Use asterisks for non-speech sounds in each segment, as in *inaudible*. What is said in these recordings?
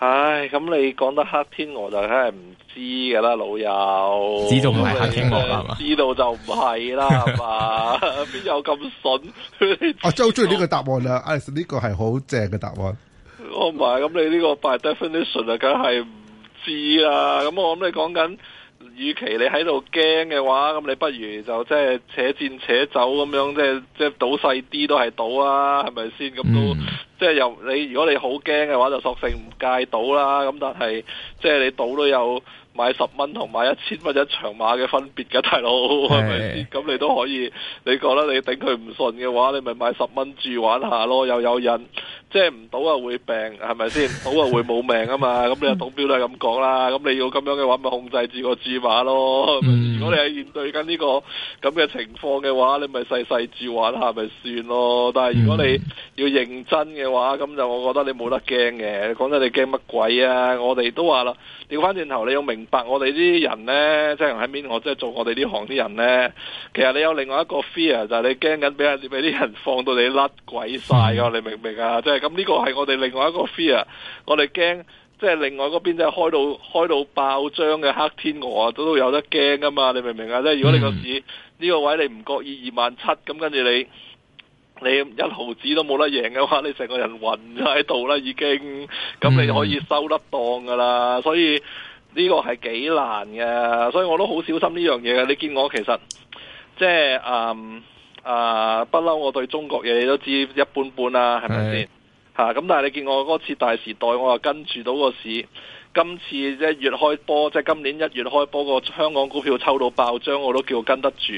唉，咁你講得黑天鵝就梗係唔知噶啦，老友。知道唔係黑天鵝啦，知道就唔係啦，係 *laughs* 嘛？邊有咁筍？周真中意呢個答案啊，Alex 呢個係好正嘅答案。Oh、my, *laughs* 我唔係，咁你呢個 by definition 啊，梗係唔知啦。咁我諗你講緊，與其你喺度驚嘅話，咁你不如就即係且戰且走咁樣，即係即係賭細啲都係賭啊，係咪先？咁都。嗯即係又你，如果你好驚嘅話，就索性唔戒賭啦。咁但係，即係你賭都有。買十蚊同買一千蚊一場馬嘅分別嘅大佬，係咪先？咁 *laughs* 你都可以，你覺得你頂佢唔順嘅話，你咪買十蚊住玩下咯，又有癮，即係唔賭啊會病，係咪先？賭 *laughs* 啊會冇命啊嘛，咁你董標都係咁講啦，咁你要咁樣嘅話，咪控制住個注碼咯，嗯。如果你係面對緊呢，這個咁嘅情況嘅話，你咪細細住玩下咪算咯。但係如果你要認真嘅話，咁就我覺得你冇得驚嘅。講真，你驚乜鬼啊？我哋都話啦，調翻轉頭，你有明。白我哋啲人呢，即係喺邊，我即係做我哋呢行啲人呢，其實你有另外一個 fear 就係你驚緊俾俾啲人放到你甩鬼晒噶。嗯，你明唔明啊？即係咁呢個係我哋另外一個 fear，我哋驚即係另外嗰邊即係開到開到爆張嘅黑天鵝啊，都都有得驚噶嘛？你明唔明啊？即係如果你個市呢個位你唔覺意二萬七咁，跟住你你一毫子都冇得贏嘅話，你成個人暈咗喺度啦，已經咁你可以收得當噶啦，所以。呢、這個係幾難嘅，所以我都好小心呢樣嘢嘅。你見我其實即係誒誒，不、嗯、嬲、啊、我對中國嘢都知一般般啦、啊，係咪先吓？咁、啊、但係你見我嗰次大時代，我又跟住到個市。今次一月越開波，即係今年一月開波個香港股票抽到爆張，我都叫跟得住。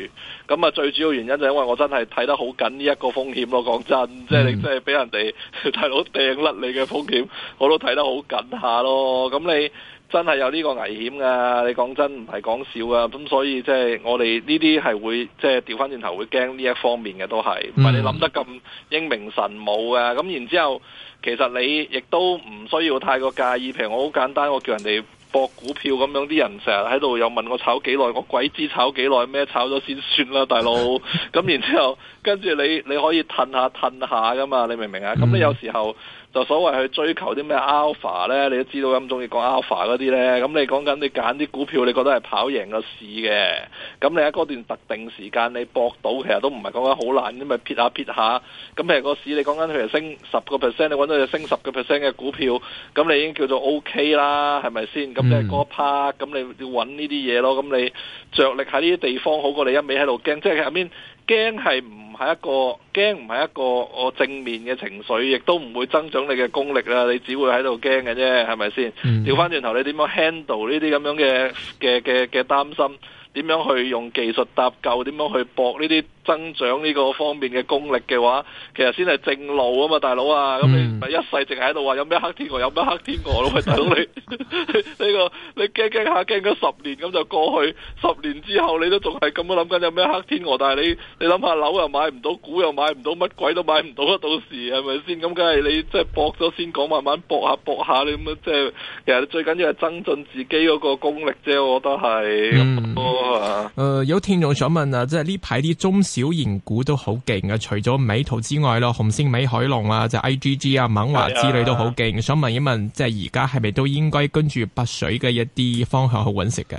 咁啊，最主要原因就係因為我真係睇得好緊呢一個風險咯。講真的、嗯，即係你真係俾人哋大佬掟甩你嘅風險，我都睇得好緊下咯。咁你。真係有呢個危險噶，你講真唔係講笑啊！咁所以即係我哋呢啲係會即係掉翻轉頭會驚呢一方面嘅都係，唔係你諗得咁英明神武啊！咁然之後，其實你亦都唔需要太過介意。譬如我好簡單，我叫人哋博股票咁樣，啲人成日喺度又問我炒幾耐，我鬼知炒幾耐咩？炒咗先算啦，大佬！咁 *laughs* 然之後，跟住你你可以褪下褪下噶嘛，你明唔明啊？咁你有時候，就所謂去追求啲咩 alpha 咧，你都知道咁中意講 alpha 嗰啲咧，咁你講緊你揀啲股票，你覺得係跑贏個市嘅，咁你喺嗰段特定時間你博到，其實都唔係講緊好難，因為咪撇下撇下，咁譬如個市你講緊佢係升十個 percent，你揾到佢升十個 percent 嘅股票，咁你已經叫做 OK 啦，係咪先？咁你係嗰一 part，咁你要揾呢啲嘢咯，咁你着力喺呢啲地方好過你一味喺度驚，即係下面驚係唔。I mean, 係一個驚，唔係一個我正面嘅情緒，亦都唔會增長你嘅功力啦。你只會喺度驚嘅啫，係咪先？調翻轉頭，你點樣 handle 呢啲咁樣嘅嘅嘅嘅擔心？點樣去用技術搭救？點樣去搏呢啲？增長呢個方面嘅功力嘅話，其實先係正路啊嘛，大佬啊，咁、嗯、你一世淨係喺度話有咩黑天鵝，有咩黑天鵝咯喂， *laughs* 大佬你呢、 *laughs* *laughs* 呢個你驚驚下驚咗十年，咁就過去十年之後你都仲係咁樣諗緊有咩黑天鵝，但係你你諗下樓又買唔到，股又買唔到，乜鬼都買唔到啊，到時係咪、就是、先？咁梗係你即係搏咗先講，慢慢搏下搏下你咁樣，即係、就是、其實最緊要係增進自己嗰個功力啫，我覺得係。嗯。誒、啊呃，有聽眾想問啊，即係呢排啲中小型股都好勁啊，除咗美圖之外咯，紅星美海龍啊，就 IGG 啊，猛華之類都好勁。想問一問，即係而家係咪都應該跟住北水嘅一啲方向去揾食嘅？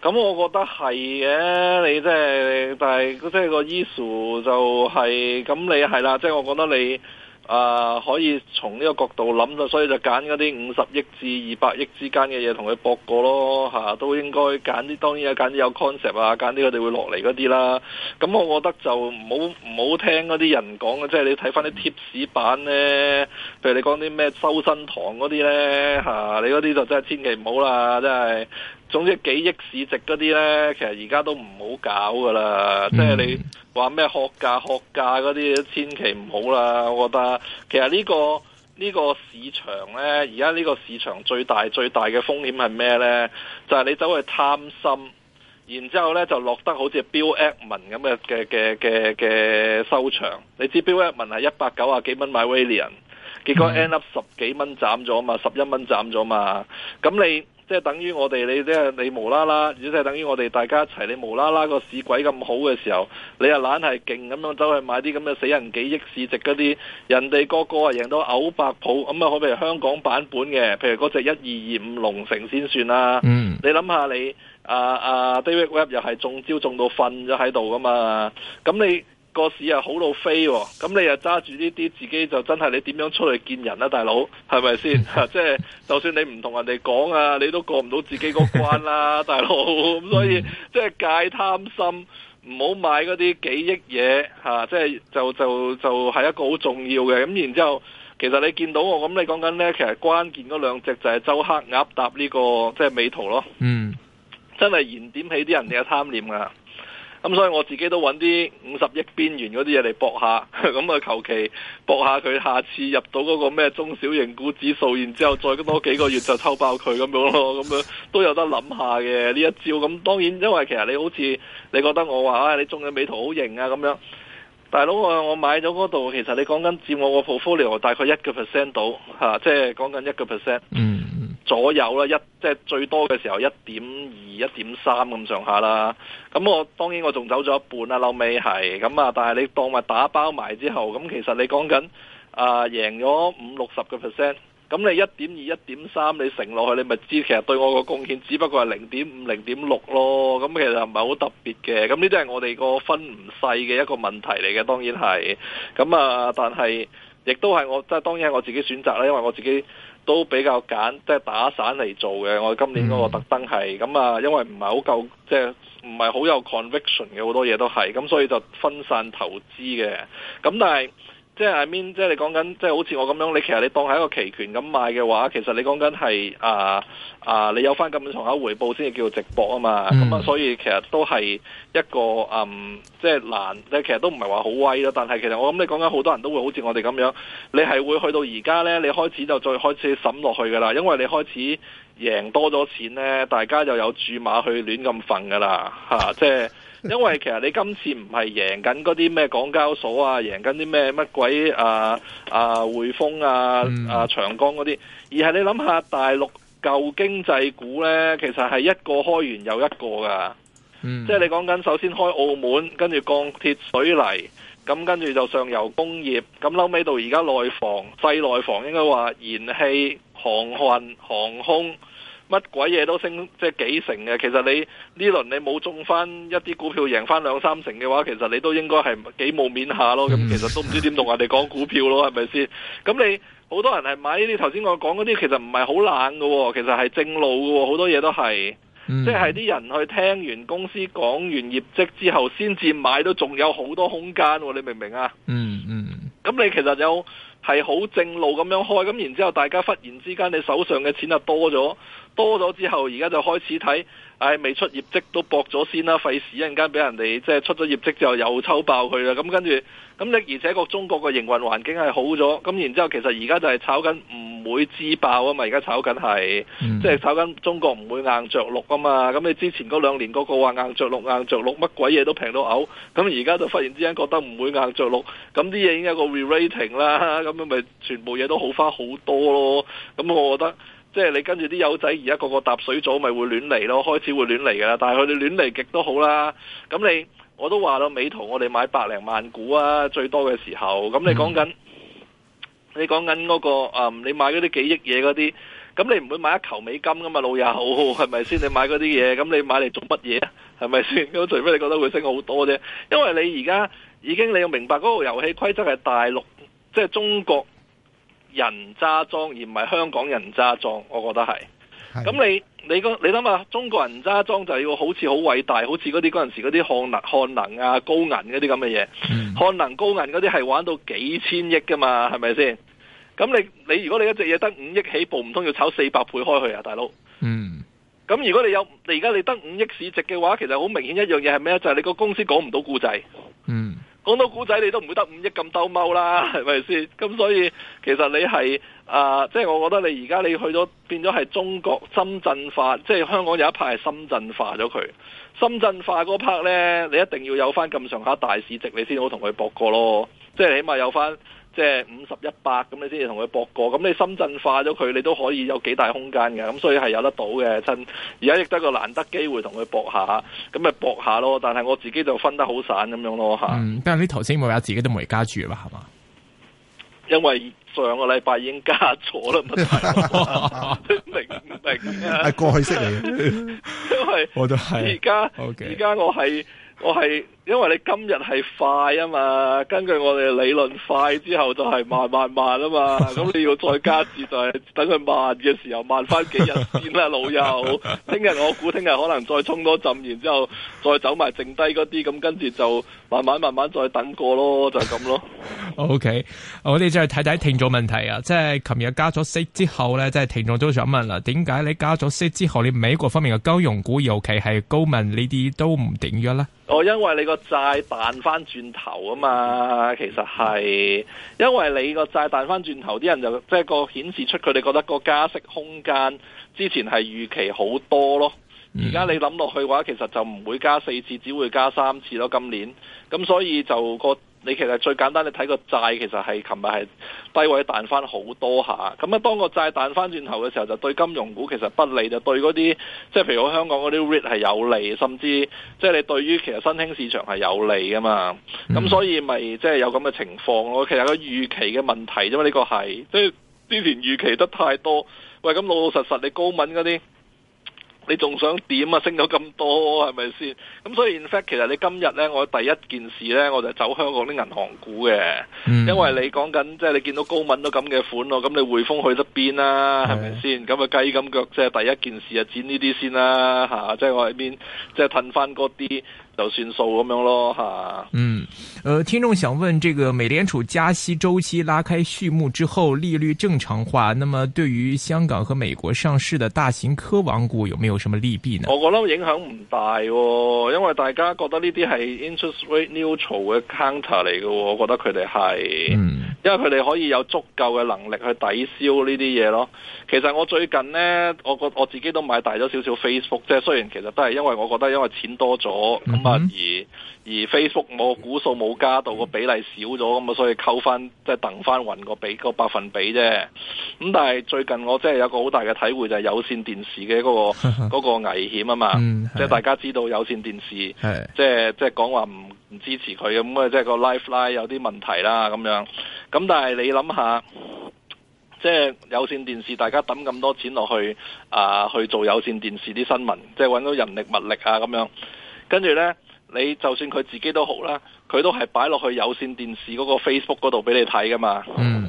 咁我覺得係嘅，你即係，但係即係個 issue 就係，咁你係啦，即係我覺得你。啊！可以從呢個角度諗，就所以就揀嗰啲五十億至二百億之間嘅嘢同佢搏過咯、啊、都應該揀啲當然啊，揀啲有 concept 啊，揀啲佢哋會落嚟嗰啲啦。咁我覺得就唔好唔好聽嗰啲人講嘅，即係你睇翻啲貼士版呢，譬如你講啲咩修身堂嗰啲呢，啊、你嗰啲就真係千祈唔好啦，真係。總之幾億市值嗰啲呢，其實而家都唔好搞噶啦。即、嗯、係、就是、你話咩學價、學價嗰啲，千祈唔好啦。我覺得其實呢、這個呢、這個市場呢，而家呢個市場最大最大嘅風險係咩呢？就係、是、你走去貪心，然之後呢就落得好似 Bill Ackman 咁嘅嘅嘅嘅嘅收場。你知 Bill Ackman 係一百九啊幾蚊買 Valeant，結果 end up 十幾蚊斬咗嘛，十一蚊斬咗嘛，咁你。即係等於我哋，你即係你無啦啦，即係等於我哋大家一齊，你無啦啦，個市鬼咁好嘅時候，你又懶係勁咁樣走去買啲咁嘅死人幾億市值嗰啲，人哋個個啊贏到嘔白普咁啊，譬如香港版本嘅，譬如嗰隻一二二五龍城先算啦。嗯，你諗下你啊啊，David Webb 又係中招中到瞓咗喺度噶嘛？咁你。個市又好到飛、哦，咁你又揸住呢啲自己就真係你點樣出去見人啊，大佬係咪先？即係、 *laughs* 啊就是、就算你唔同人哋講啊，你都過唔到自己嗰關啦、啊，大佬。咁所以即係、就是、戒貪心，唔好買嗰啲幾億嘢吓，即、啊、係就是、就就係、就是、一個好重要嘅。咁然之後，其實你見到我咁，你講緊呢，其實關鍵嗰兩隻就係周黑鴨搭呢、這個即係、就是、美圖咯。嗯， *laughs* 真係燃點起啲人哋嘅貪念呀、啊。咁、嗯、所以我自己都揾啲五十億邊緣嗰啲嘢嚟搏下，咁啊求其搏下佢下次入到嗰個咩中小型股指數，然之後再多幾個月就抽爆佢咁樣咯，咁樣都有得諗下嘅呢一招。咁當然因為其實你好似你覺得我話、哎、你中嘅美圖好型啊咁樣，大佬啊，我買咗嗰度，其實你講緊佔我個 portfolio 大概一個 percent 到吓，即係講緊一個 percent，左右啦，一即係最多嘅時候一點二、一點三咁上下啦。咁我當然我仲走咗一半啦，後尾係咁啊。但係你當埋打包埋之後，咁其實你講緊啊贏咗五六十個 percent，咁你一點二、一點三你乘落去，你咪知其實對我個貢獻只不過係零點五、零點六咯。咁其實唔係好特別嘅。咁呢啲係我哋個分唔細嘅一個問題嚟嘅，當然係。咁啊，但係亦都係我即係當然係我自己選擇啦，因為我自己。都比較簡，即係打散嚟做嘅。我今年嗰個特登係咁啊，嗯、因為唔係好夠，即係唔係好有 conviction 嘅。好多嘢都係，咁所以就分散投資嘅。咁但係。I mean, 即係 I mean 即係你講緊，即係好似我咁樣，你其實你當係一個期權咁買嘅話，其實你講緊係啊啊，你有翻咁樣重口回報先至叫做直播啊嘛。咁、嗯、啊，所以其實都係一個嗯，即係難，即係其實都唔係話好威咯。但係其實我諗你講緊好多人都會好似我哋咁樣，你係會去到而家咧，你開始就再開始審落去噶啦，因為你開始贏多咗錢咧，大家又有注碼去亂咁瞓噶啦嚇，即係。 *laughs* 因為其實你今次唔係贏緊嗰啲咩港交所啊，贏緊啲咩乜鬼啊，啊匯豐啊，啊長江嗰啲，而係你諗下大陸舊經濟股呢，其實係一個開完又一個噶。 *laughs* 即係你講緊，首先開澳門，跟住鋼鐵水泥，咁跟住就上游工業，咁後尾到而家內房，細內房應該話燃氣、航運、航空。乜鬼嘢都升，即係幾成嘅。其實你呢輪你冇中翻一啲股票，贏翻兩三成嘅話，其實你都應該係幾冇面下咯。咁、嗯、其實都唔知點同人哋講股票咯，係咪先？咁你好多人係買呢啲，頭先我講嗰啲，其實唔係好冷喎，其實係正路喎。好多嘢都係、嗯，即係啲人去聽完公司講完業績之後，先至買，都仲有好多空間。你明唔明啊？嗯嗯。咁你其實有係好正路咁樣開，咁然之後大家忽然之間你手上嘅錢就多咗。多咗之後，而家就開始睇，唉、哎，未出業績都搏咗先啦，費事一陣間俾人哋即係出咗業績之後又抽爆佢啦。咁跟住咁你而且個中國嘅營運環境係好咗，咁然之後其實而家就係炒緊唔會自爆啊嘛。而家炒緊係即係炒緊中國唔會硬着陸啊嘛。咁你之前嗰兩年個個話硬着陸、硬着陸，乜鬼嘢都平到嘔，咁而家就忽然之間覺得唔會硬着陸，咁啲嘢已經有個 re-rating 啦，咁樣咪全部嘢都好翻好多咯。咁我覺得。即係你跟住啲友仔而家個個搭水組，咪會亂嚟咯，開始會亂嚟噶啦。但係佢哋亂嚟極都好啦。咁你我都話咯，美圖我哋買百零萬股啊，最多嘅時候。咁你講緊、嗯，你講緊嗰、嗰個啊、嗯，你買嗰啲幾億嘢嗰啲，咁你唔會買一球美金噶嘛，老友好，係咪先？你買嗰啲嘢，咁你買嚟做乜嘢啊？係咪先？咁除非你覺得會升好多啫。因為你而家已經你要明白嗰個遊戲規則係大陸，即、就、係、係、中國。人渣，人渣莊，而唔係香港人渣莊，我覺得係。咁你你個你諗下？中國人渣莊就要好似好偉大，好似嗰啲嗰陣時嗰啲漢能漢能啊、高銀嗰啲咁嘅嘢。漢能高銀嗰啲係玩到幾千億㗎嘛，係咪先？咁、嗯、你你如果你一隻嘢得五億起步，唔通要炒四百倍開去啊，大佬？嗯。咁如果你有，你而家你得五億市值嘅話，其實好明顯一樣嘢係咩？就係你個公司講唔到故仔。嗯。講到股仔，你都唔會得五億咁兜踎啦，係咪先？咁所以其實你係啊，即係我覺得你而家你去咗變咗係中國深圳化，即係香港有一 part 係深圳化咗佢。深圳化嗰 part 呢，你一定要有翻咁上下大市值，你先好同佢搏過咯。即係起碼有翻。即係五十一百咁，你先至同佢搏過。咁你深圳化咗佢，你都可以有幾大空間嘅。咁所以係有得到嘅。趁而家亦得個難得機會同佢搏下，咁咪搏下咯。但係我自己就分得好散咁樣咯。吓，嗯，但係你頭先冇有自己都未加住啦，係嘛？因為上個禮拜已經加咗啦， *laughs* 明唔明啊？係過去式嚟嘅， *laughs* 因為我都係。而家，而家，okay. 我係我係。因為你今日係快啊嘛，根據我哋理論，快之後就係慢慢慢啊嘛，咁你要再加字 *laughs* 就係等佢慢嘅時候慢翻幾日先啦，老友。聽日我估聽日可能再衝多浸，然之後再走埋剩低嗰啲，咁跟住就慢慢慢慢再等過咯，就係、是、咁咯。OK，我哋再睇睇聽眾問題啊，即係琴日加咗息之後咧，即係聽眾都想問啦，點解你加咗息之後，你美國方面嘅金融股，尤其係高文呢啲都唔頂咗咧？因為你個個債彈翻轉頭啊嘛，其實係，因為你個債彈翻轉頭，啲人就即係個顯示出佢哋覺得個加息空間之前係預期好多咯，而家你諗落去嘅話，其實就唔會加四次，只會加三次咯，今年，咁所以就個。你其實最簡單，你睇個債其實係琴日係低位彈翻好多下，咁啊當個債彈翻轉頭嘅時候，就對金融股其實不利，就對嗰啲即係譬如我香港嗰啲 rate 係有利，甚至即係你對於其實新興市場係有利噶嘛，咁、嗯、所以咪即係有咁嘅情況咯。其實有個預期嘅問題啫嘛，呢、這個係即係之前預期得太多，喂咁老老實實你高敏嗰啲。你仲想點啊？升咗咁多係咪先？咁所以 in fact 其實你今日呢，我第一件事呢，我就走香港啲銀行股嘅、嗯，因為你講緊即係你見到高敏都咁嘅款咯，咁你匯豐去得邊啦、啊？係咪先？咁啊雞咁腳，即係、就是、第一件事就啊，剪呢啲先啦吓，即、就、係、是、我喺邊，即係褪翻嗰啲就算數咁樣咯吓、啊。嗯，誒、呃，聽眾想問，這個美聯儲加息週期拉開序幕之後，利率正常化，那麼對於香港和美國上市的大型科網股，有沒有？有什麼利弊呢？我覺得影響唔大、哦，因為大家覺得呢啲係 interest rate neutral 嘅 counter 嚟嘅、哦，我覺得佢哋係，因為佢哋可以有足夠嘅能力去抵消呢啲嘢咯。其實我最近呢，我覺我自己都買大咗少少 Facebook，即係雖然其實都係因為我覺得因為錢多咗，咁、嗯、啊而而 Facebook 我股數冇加到個、嗯、比例少咗，咁啊所以扣翻即係等翻勻個比個百分比啫。咁但係最近我真係有個好大嘅體會就係、是、有綫電視嘅一、那個。嗰、那個危險啊嘛，即、嗯、係大家知道有線電視，即係即係講話唔唔支持佢咁，即係個 life line 有啲問題啦咁樣。咁但係你諗下，即係有線電視，大家抌咁多錢落去啊，去做有線電視啲新聞，即係揾到人力物力啊咁樣。跟住呢，你就算佢自己都好啦，佢都係擺落去有線電視嗰個 Facebook 嗰度俾你睇噶嘛、嗯。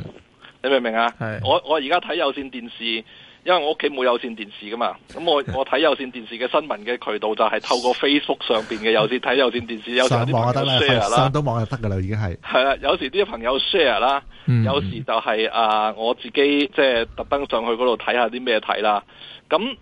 你明唔明啊？我我而家睇有線電視。因為我屋企冇有線電視噶嘛，咁我我睇有線電視嘅新聞嘅渠道就係透過 Facebook 上邊嘅有線睇有線電視，有時有啲朋友 share 啦，散都網又得啦，已經係係啦。有時啲朋友 share 啦，有時就係、是、啊、呃，我自己即係、呃呃、特登上去嗰度睇下啲咩睇啦。咁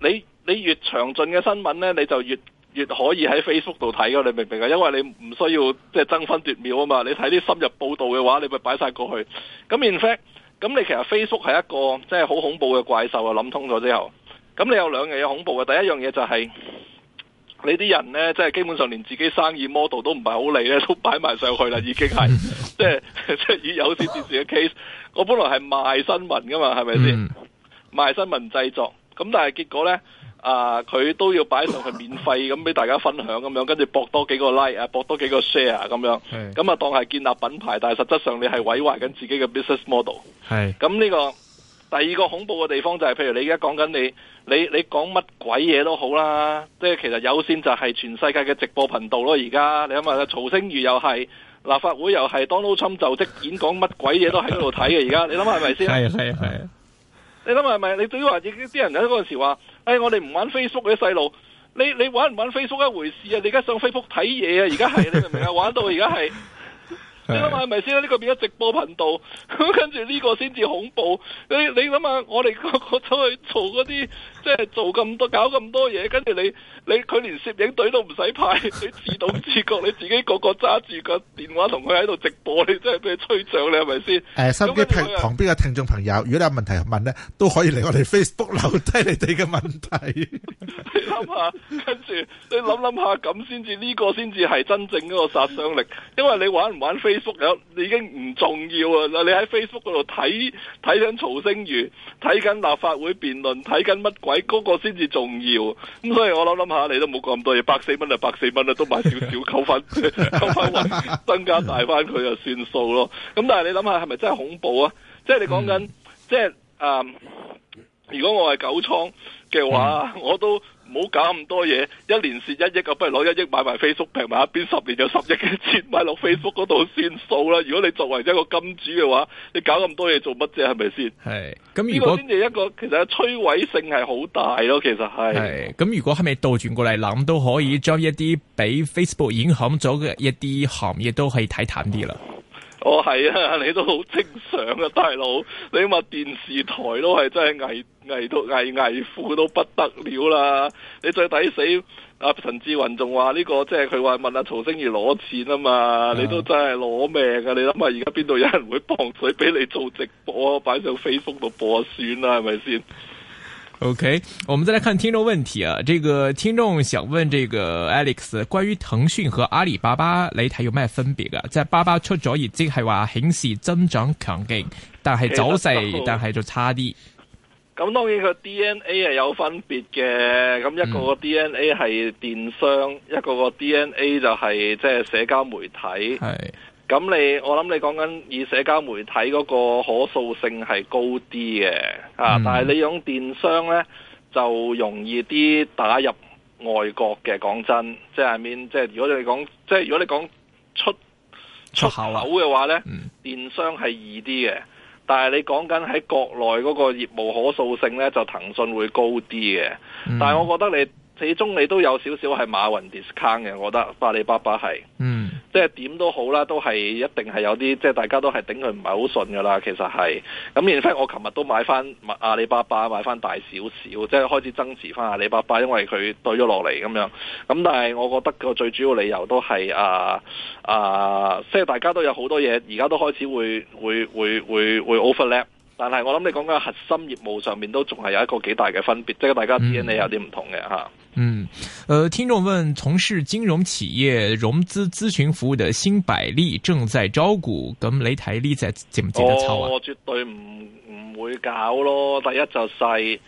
你你越詳盡嘅新聞呢，你就越越可以喺 Facebook 度睇㗎。你明唔明啊？因為你唔需要即係爭分奪秒啊嘛。你睇啲深入報導嘅話，你咪擺晒過去。咁，in fact。咁你其實 Facebook 係一個即係好恐怖嘅怪獸啊！諗通咗之後，咁你有兩樣嘢恐怖嘅，第一樣嘢就係、是、你啲人咧，即係基本上連自己生意 model 都唔係好理咧，都擺埋上去啦，已經係 *laughs* 即係即係以有線電視嘅 case，我本來係賣新聞㗎嘛，係咪先賣新聞製作？咁但係結果咧。啊！佢都要擺上去免費咁俾大家分享咁樣，跟住博多幾個 like，啊，博多幾個 share 咁樣，咁啊當係建立品牌，但係實質上你係毀壞緊自己嘅 business model，係咁呢個第二個恐怖嘅地方就係，譬如你而家講緊你，你你講乜鬼嘢都好啦，即係其實有綫就係全世界嘅直播頻道咯。而家你諗下，曹星如又係立法會又係 Donald Trump 就即演講，乜鬼嘢都喺度睇嘅。而家你諗下係咪先？係係係。你諗下係咪？你對於話啲人嗰陣時話。誒、哎，我哋唔玩 Facebook 嘅啲細路，你你玩唔玩 Facebook 一回事啊？你而家上 Facebook 睇嘢啊，而家係你明唔明啊？ *laughs* 玩到而家係。你諗下係咪先啦？呢、這個變咗直播頻道，咁跟住呢個先至恐怖。你你諗下，我哋個個出去做嗰啲，即、就、係、是、做咁多、搞咁多嘢，跟住你你佢連攝影隊都唔使派，你自動自覺，你自己各個個揸住個電話同佢喺度直播，你真係俾佢吹脹你係咪先？誒、哎，手機旁旁邊嘅聽眾朋友，如果你有問題問咧，都可以嚟我哋 Facebook 留低你哋嘅問題。諗 *laughs* 下，跟住你諗諗下，咁先至呢個先至係真正嗰個殺傷力，因為你玩唔玩 Facebook？Facebook 有你已經唔重要啊！你喺 Facebook 嗰度睇睇緊曹星如，睇緊立法會辯論，睇緊乜鬼？嗰、嗰個先至重要。咁所以我諗諗下，你都冇咁多嘢，百四蚊就百四蚊啦，都買少少溝返溝返，增加大翻佢就算數咯。咁但係你諗下，係咪真係恐怖啊？即係你講緊，即係啊！如果我係九倉嘅話、嗯，我都。唔好搞咁多嘢，一年蝕一億啊，不如攞一億買埋 Facebook 平埋一邊，十年有十億嘅錢買落 Facebook 嗰度算數啦。如果你作為一個金主嘅話，你搞咁多嘢做乜啫？係咪先？係。咁如果呢個先至一個，其實摧毀性係好大咯。其實係。咁如果係咪倒轉過嚟諗，都可以將一啲俾 Facebook 影響咗嘅一啲行業都可以睇淡啲啦。哦，係啊，你都好正常啊，大佬。你問電視台都係真係危危到危危乎都不得了啦。你最抵死，陳志雲仲話呢個即係佢話問阿曹星如攞錢啊嘛，你都真係攞命啊！你諗下而家邊度有人會磅水俾你做直播啊？擺上 Facebook 度播算啦，係咪先？OK，我們再來看聽眾問題啊，這個聽眾想問這個 Alex，關於騰訊和阿里巴巴你睇有咩分別㗎？即係巴巴出咗業績係話顯示增長強勁，但係走勢但係就差啲。咁當然個 DNA 係有分別嘅，咁一個個 DNA 係電商，一個個 DNA 就係即係社交媒體係。咁你我諗你講緊以社交媒體嗰個可塑性係高啲嘅，嗯，啊！但係你用電商呢，就容易啲打入外國嘅。講真，即係面，即係如果你講，即係如果你講出出口嘅話呢，啊、電商係易啲嘅，嗯。但係你講緊喺國內嗰個業務可塑性呢，就騰訊會高啲嘅，嗯。但係我覺得你始終你都有少少係馬雲 discount 嘅，我覺得阿里巴巴係。嗯即係點都好啦，都係一定係有啲，即係大家都係頂佢唔係好順㗎啦。其實係咁，而且我琴日都買翻阿里巴巴，買翻大少少，即係開始增持翻阿里巴巴，因為佢對咗落嚟咁樣。咁但係我覺得個最主要理由都係啊啊，即係大家都有好多嘢，而家都開始會會會會會 overlap。但係我諗你講緊核心業務上面都仲係有一個幾大嘅分別，即係大家 DNA 有啲唔同嘅吓。嗯，誒、嗯呃，聽眾問，從事金融企業融資諮詢服務的新百利正在招股，咁你睇呢隻值唔值得炒啊？哦、我絕對唔唔會搞咯，第一就細、是。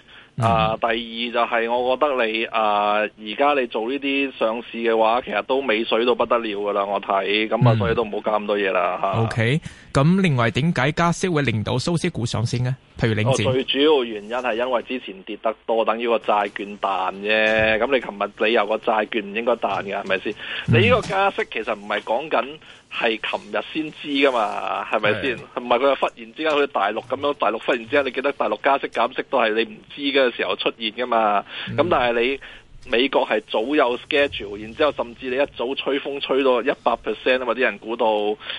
啊！第二就係，我覺得你啊，而家你做呢啲上市嘅話，其實都尾水到不得了噶啦，我睇咁啊，所以都唔好加咁多嘢啦、嗯啊、OK，咁另外點解加息會令到收息股上升呢？譬如領、啊、最主要原因係因為之前跌得多，等於個債券彈啫。咁你琴日你有個債券唔應該彈嘅，係咪先？你呢個加息其實唔係講緊。係琴日先知噶嘛，係咪先？係咪佢又忽然之間好似大陸咁樣，大陸忽然之間，你記得大陸加息減息都係你唔知嘅時候出現噶嘛？咁、嗯、但係你美國係早有 schedule，然之後甚至你一早吹風吹到一百 percent 啊嘛，啲人估到，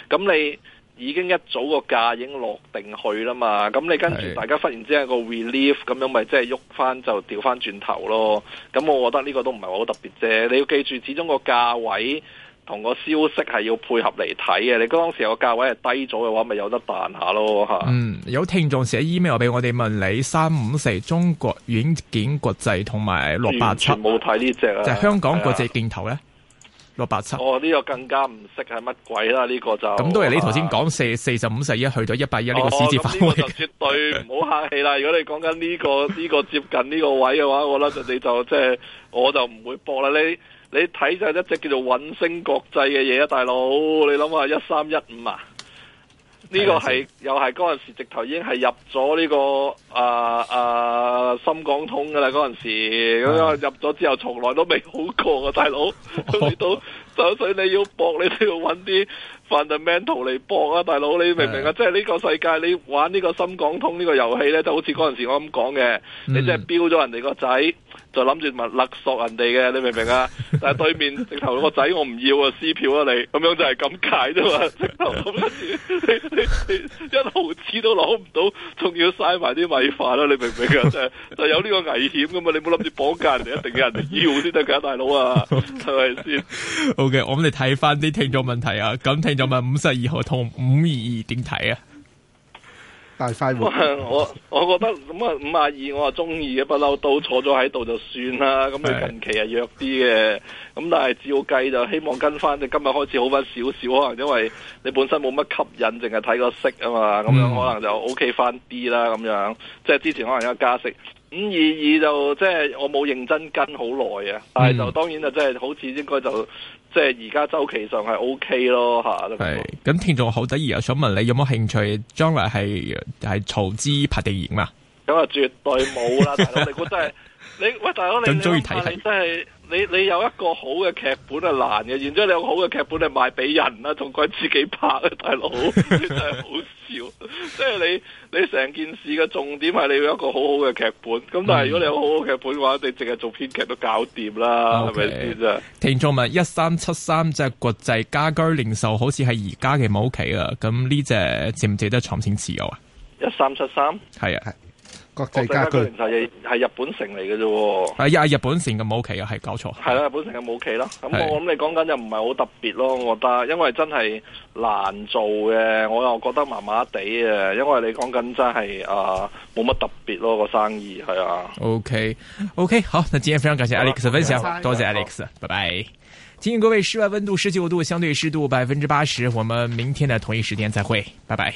咁你已經一早個價已經落定去啦嘛，咁你跟住大家忽然之間個 relief 咁樣，咪即係喐翻就掉翻轉頭咯。咁我覺得呢個都唔係話好特別啫。你要記住，始終個價位。同個消息係要配合嚟睇嘅，你當時個價位係低咗嘅話，咪有得彈下咯吓。嗯，有聽眾寫 email 俾我哋問你三五四中國軟件國際同埋六八七，冇睇呢隻啊，就係、香港國際鏡頭咧六八七。哦，呢、呢個更加唔識係乜鬼啦，呢、呢個就咁、嗯嗯、都係你頭先講四四十五十一去咗一百一呢個市之範圍，絕對唔好客氣啦。 *laughs* 如果你講緊呢個呢、呢個接近呢個位嘅話，我覺得你就即係 *laughs* 我就唔會博啦，你。你睇就係一隻叫做穩星國際嘅嘢啊，大佬！你諗下一三一五啊，呢個係又係嗰陣時直頭已經係入咗呢個誒誒深港通噶啦，嗰陣時咁樣、嗯、入咗之後，從來都未好過啊，大佬！所以到，就算你要搏，你都要穩啲。Fundamental 嚟搏啊，大佬，你明唔明啊？即係呢個世界你玩呢個深港通呢個遊戲咧，就好似嗰陣時我咁講嘅，你真係標咗人哋個仔，就諗住咪勒索人哋嘅，你明唔明啊？但係對面直 *laughs* 頭個仔我唔要啊，撕票啊你，咁樣就係咁解啫嘛，直頭諗住 *laughs* 一毫子都攞唔到，仲要嘥埋啲米飯啦，啊，你明唔明啊？即 *laughs* 係就有呢個危險噶嘛，你唔好諗住綁架人哋，一定要人哋要先得噶，大佬啊，係咪先？OK 我哋睇翻啲聽眾問題啊，咁聽。又問五十二號同五二二點睇啊？大快活，我我覺得咁啊五廿二我啊中意嘅，不嬲都坐咗喺度就算啦。咁佢近期係弱啲嘅，咁但係照計就希望跟翻。你今日開始好翻少少，可能因為你本身冇乜吸引，淨係睇個色啊嘛。咁樣可能就 O K 翻啲啦。咁樣即係之前可能有加息，五二二就即係我冇認真跟好耐啊。但係就當然就即係好似應該就。即係而家周期上係 OK 咯吓，係咁聽眾好得意啊！想問你有冇興趣將來係係籌資拍電影啊？咁啊，絕對冇啦！ *laughs* 大佬你估真係，你,你喂，大佬你咁中意睇戲你,你真係。你你有一個好嘅劇本係難嘅，然之後你有一個好嘅劇本係賣俾人啦，同佢自己拍啊，大佬真係好笑。即 *laughs* 係 *laughs* 你你成件事嘅重點係你要一個好好嘅劇本。咁但係如果你有好好嘅劇本嘅話，你淨係做編劇都搞掂啦，係咪先啊？聽眾問一三七三隻國際家居零售好似係而家嘅冇企啊。咁呢隻值唔值得長線持有啊？一三七三係啊。國際家居其實係日本城嚟嘅啫，係啊，日本城嘅冇期啊，係搞錯。係啦，日本城嘅冇期咯。咁、嗯、我我諗你講緊就唔係好特別咯，我覺得，因為真係難做嘅，我又覺得麻麻地啊，因為你講緊真係啊，冇乜特別咯，個生意係啊。O K O K，好，那今天非常感謝 Alex 的分享，拜拜拜拜，多謝 Alex，拜拜。今日、啊、各位室外溫度十九度，相對濕度百分之八十，我們明天的同一時間再會，拜拜。